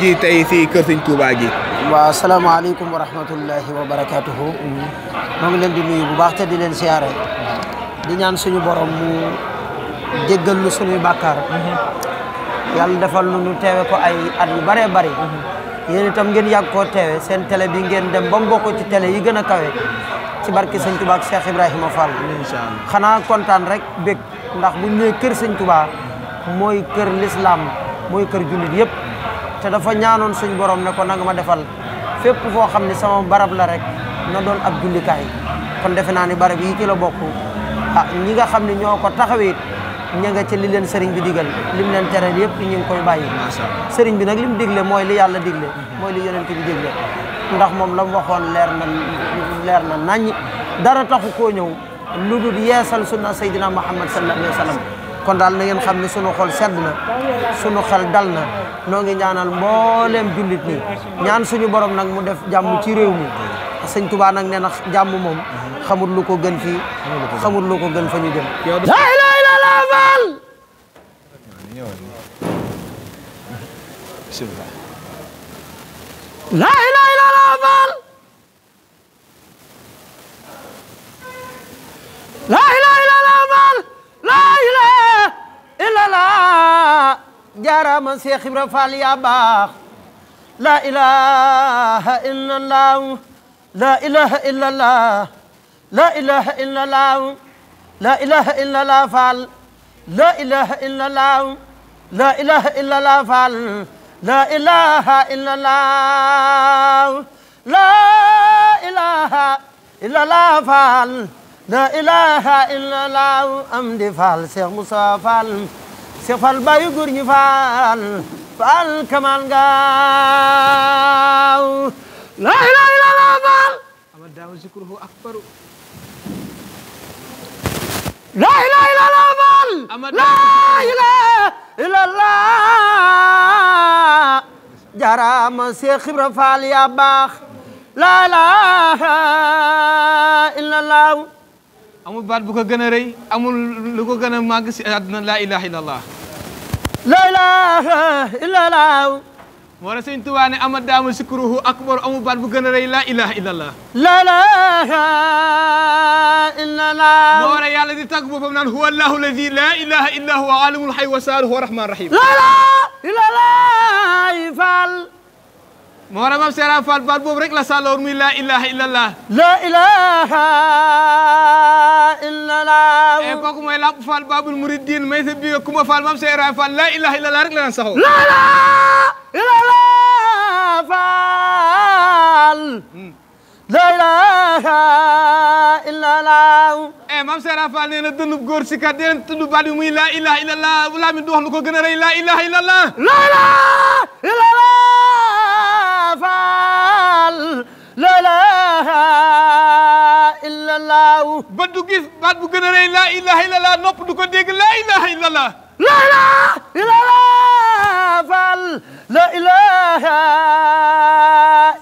ji tey si kër sëñ Touba gi. waaw salaamaaleykum wa rahmatullahi wa barakaatuhu. maa ngi leen di nuyu bu baax te di leen siyaare. di ñaan suñu borom mu jéggal lu suñuy bakkar yàlla defal nu ñu teewe ko ay at yu bëree bëri. yéen itam ngeen yàgg koo teewe seen télé bi ngeen dem ba mu bokk ci télé yi gën a kawe. ci barke sëñ Touba ak Cheikh Ibrahima Fall. incha allah xanaa kontaan rek bég ndax bu ñu nee kër sëñ Touba mooy kër lislaam mooy kër jullit yépp te dafa ñaanoon suñ borom ne ko nanga ma defal fépp foo xam ne sama barab la rek na doon ab jullikaay kon defe naa ni barab yi ci la bokk ah ñi nga xam ne ñoo ko taxawee ña nga ci li leen sëriñ bi digal lim leen tere yëpp ñu ngi koy bàyyi sëriñ bi nag lim digle mooy li yàlla digle mhm. mooy li yonent bi digle ndax moom la mu xoon leer na leer na naññ dara taxu koo ñëw lu dul yeesal sunna sayyidina Muhammad sallallahu alayhi wa sallam kon daal na ngeen xam ne sunu xol sedd na sunu xel dal na noongi ñaanal mboolem jullit ni ñaan suñu borom nag mu def jàmm ci réew mi sëñ tubaa nag nee na jàmm moom xamul lu ko gën fii xamul lu ko gën fa ñu jëm lay lay la la val lay lay la la val جارا من سي خبر فاليا با لا اله الا الله لا اله الا الله لا اله الا الله لا اله الا الله فال لا اله الا الله لا اله الا الله فال لا اله الا الله لا اله الا الله فال لا اله الا الله امدي فال سي مصطفى se fal bayu góor ñi faal faal kamal ngaaw la ilaha illallah faal ama daaw zikruhu akbaru la ilaha illallah faal la ilaha illallah jaraama Seex Ibra Faal yaa baax la ilaha illallah amul baat bu ko gën a rëy amul lu ko gën a màgg si àdduna la ilaha illallah la ilaha illallah moo la sëñ Tuubaa ne ama daama sikruhu akbar amu baat bu gën a rëy la ilaha illallah la ilaha illallah moo la yàlla di tàgg boppam naan huwa allahu alladi la ilaha illa huwa alimul hayy wa saaluhu wa rahman rahim la ilaha illallah faal moo la maam Seera Faal baat boobu rek la sàlloon muy la ilaha illallah la ilaha illallah eh, e kooku mooy Lamp Fall Babul Mouridine may sa biyo Kumba Fall Mame Cheikh Ibrahima Fall la ilaha illallah rek la naan saxoo la illallah Fall hmm. la ilaha illallah e eh, Mame Cheikh Ibrahima Fall nee na dënub góor si kat deen tudd baat bi muy la ilaha illallah laa mi du wax lu ko gën a rëy la ilaha illallah la ilaha illallah Fall laa ilaaha illallah. ba du gis baat a rëy laa ilaaha nopp du ko dégg laa ilaaha illallah. laa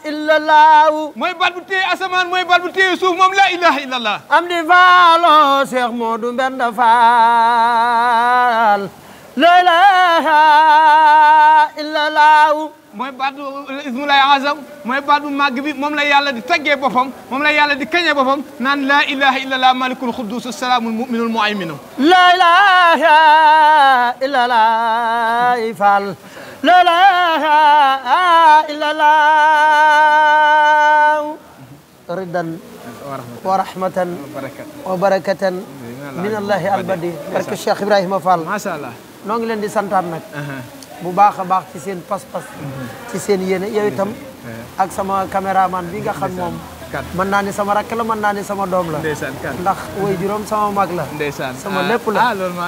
ilaaha mooy baat bu asamaan mooy baat bu téye moom laa ilaaha illallah. am di faaloo Cheikh Modou Mbenda Fall laa ilaaha. illallah mooy baatu ismu lay azam mooy baatu màgg bi moom la yàlla di taggee boppam moom la yàlla di kañee boppam naan laa ilaha illallah malikul xuddus salaamul muminul muayminu laa ilaha illallah fal laa ilaha illallah ridan wa rahmatan wa barakatan min allahi albadi barke Cheikh Ibrahima Fall maa sha Allah noo ngi leen di santaan nag bu baax a baax ci seen pas-pas ci seen yéene yow itam ak sama caméraman bi nga xam moom mën naa ne sama rakk la mën naa ne sama doom la ndax way juróom sama mag la sama lépp la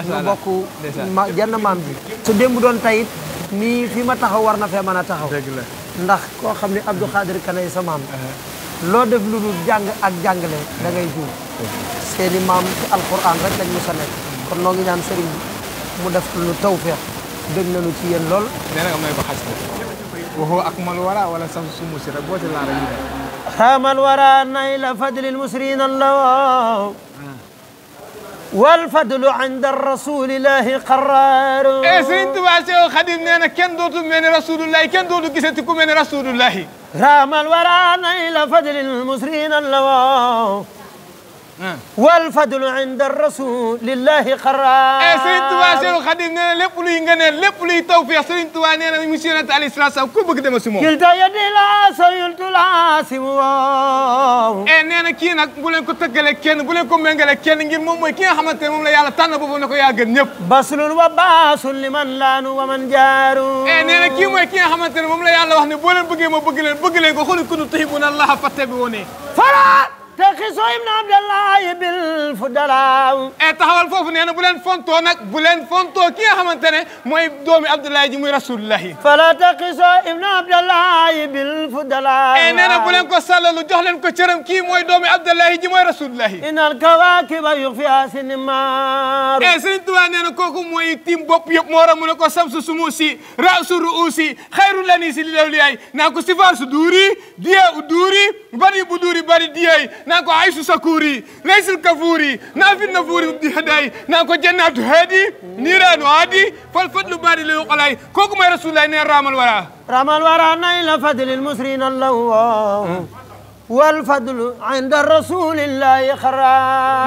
ñu bokk ma jenn maam ji su démb doon tey nii fi ma taxaw war na fee mën a taxaw ndax koo xam ne abdou xaadir kanay sa maam uh-huh. loo def lu dul jàng ak jàngale da ngay juur uh-huh. seeni maam ci alquran rek lañ mos a nekk kon noo ngi ñaan sëriñ mu def lu taw feex dégg nañu ci yéen lool. nee nga may ba xas na. ak mal wara wala sam su musi rek نيل فضل المسرين الله والفضل عند الرسول الله قرار ايه سنت تبع خديم نانا كان دوتو من رسول الله كان دوتو كيسيتكو من رسول الله رام الورى نيل فضل المسرين الله والفضل عند الرسول لله قرار سيدي توا سيرو خادم نانا لب لي نانا لب لي توفيق سيدي توا نانا مسيرة علي سلا سا كوب كده مسمو كلتا يدي لا سيلت لا سيمو اي نانا كي نك بولين كو تكال كين بولين كو مانغال كين نجي مومو كي حمات موم لا يالا تانا بوبو نكو ياغن نيب باسل وباس لمن لان ومن جار اي نانا كي مو كي حمات موم لا يالا واخني بولين بوغي مو بوغي لين بوغي لين كو خول كنو تيبون الله فتبوني فرات te xiso ibn abdallahi bil fudala e eh, taxawal foofu nee na bu leen fontoo nag bu leen fontoo ki nga xamante ne mooy doomi abdallahi ji muy rasulullahi fala te xiso ibn abdallahi bil fudala e eh, nee na bu leen ko sallalu jox leen ko cëram kii mooy doomi abdallahi ji mooy rasulullahi inal kawakiba yuxfiha sinimar e eh, Sëriñ Tuubaa nee na kooku mooy tim bopp yëpp moo ramu ne ko samsu sumusi raasu ruusi xayru lanisi li lawliyaay naa ko sifaar su duuri diye u duuri bari bu نانكو عايشو ساكوري ليس الكفوري نافي النفوري ودي حداي نانكو جنات هادي نيران هادي فالفضل باري لي وقلاي كوكو ما رسول الله نير رامل ورا رامل ورا نيل فضل المسرين الله والفضل عند الرسول الله يخرى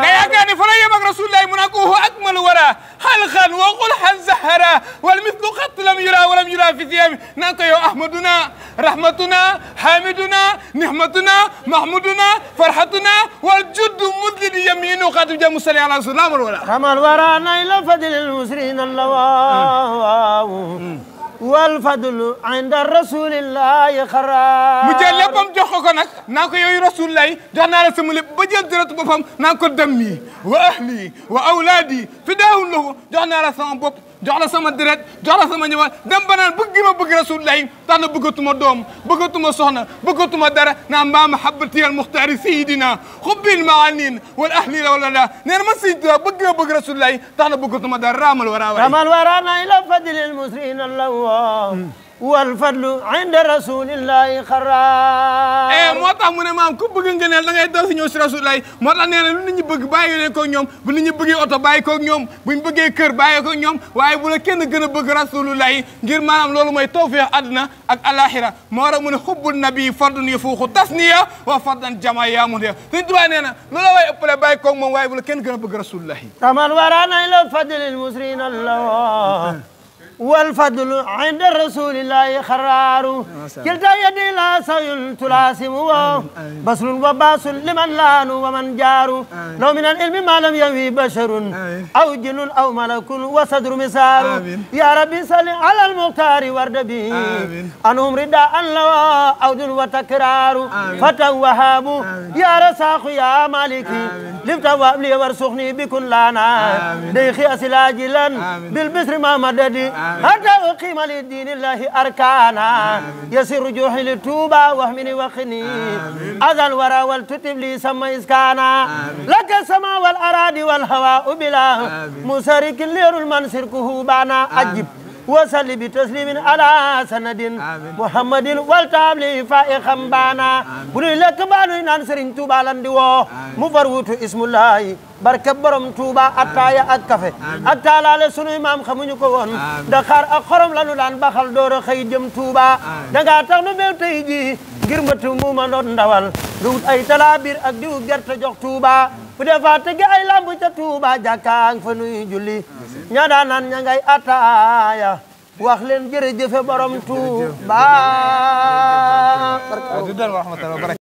لا يقاني فليمك رسول الله مناقوه أكمل ورا حلقا وقلحا زهرا والمثل قط لم يرى ولم يرى في ثيابه نانت يا أحمدنا رحمتنا حامدنا نحمتنا محمودنا فرحتنا والجد مذل يمين قد جاء مصلي على رسول الله ورا كما الورى نيل فضل المسرين الله wal fadlu inda rasulillahi xara mu jël léppam jox ko ko nag naa ko yooyu rasulillahi jox naa la sama lépp ba jël dërët boppam naa ko dammi wa ahli wa awlaadi fidaahun lahu jox naa la sama bopp joxla sama direct joxla sama ñëwa dem banan bëgguma bëgg rasul lay tan bëggatuma doom bëggatuma soxna bëggatuma dara na ma mahabbati al muhtari sayidina khubbil ma'anin wal ahli la wala neer ma sayid bëgguma bëgg rasul lay tan bëggatuma dara ramal wara wara ramal wara na ila fadil al musrin allah hmm. wal fadlu inda rasulillahi xara eh moo ne maam ku bëgg ngëneel da ngay dal ñëw si rasulillahi na lu nit ñi bëgg bàyyi leen ko ñoom bu nit oto bàyyi ko ñoom buñ bëggee kër bàyyi ko ñoom waaye bu la kenn gën a bëgg rasulillahi ngir maanaam loolu mooy tawfiix àdduna ak alaxira moo war a mu ne xubbul nabi fardun yafuuxu tasniya wa fardan jama yaamun ya suñ tubaa nee na lu la waaye ëppale bàyyi ko moom waaye bu la kenn gën a bëgg rasulillahi taman waraana ila fadlil musrina allah والفضل عند الرسول الله خرار نعم. كلتا يدي لا سيل تلاسم بصل وباس لمن لان ومن جار لو من العلم ما لم يوي بشر أو جن أو ملك وصدر مسار يا ربي صل على المختار ورد به أنهم رداء لوا أود وتكرار فتى وهاب يا رساخ يا مالك لفت وابلي وارسخني بكل لانا ديخي أسلاجلا بالبسر ما مددي حتى أقيم لدين الله أركانا يسر جوحي للتوبة واهمني وخني أذى الورى والتتب لي سما إسكانا لك السماء والأراضي والهواء بلا مسارك لير المنصر كهوبانا أجب وسلم بتسليم على سند محمد والتابلي فائق بانا بني لك بانو نان سرين توبا لاندي وو مفروت اسم الله barke borom Touba attaaya ak kafe ak taalaale sunuy maam xamuñu ko woon Dakar ak xorom lanu daan baxal door a xëy jëm Touba dangaa tax nu beew tey ji ngir mbëtt mu ma doon ndawal lu wut ay talaa biir ak diw gerte jox Touba bu defaat tëgg ay lamb ca Tuuba jàkkaang fa nuy julli ña daan naan ña ngay ataaya wax leen jërëjëfe borom Tuuba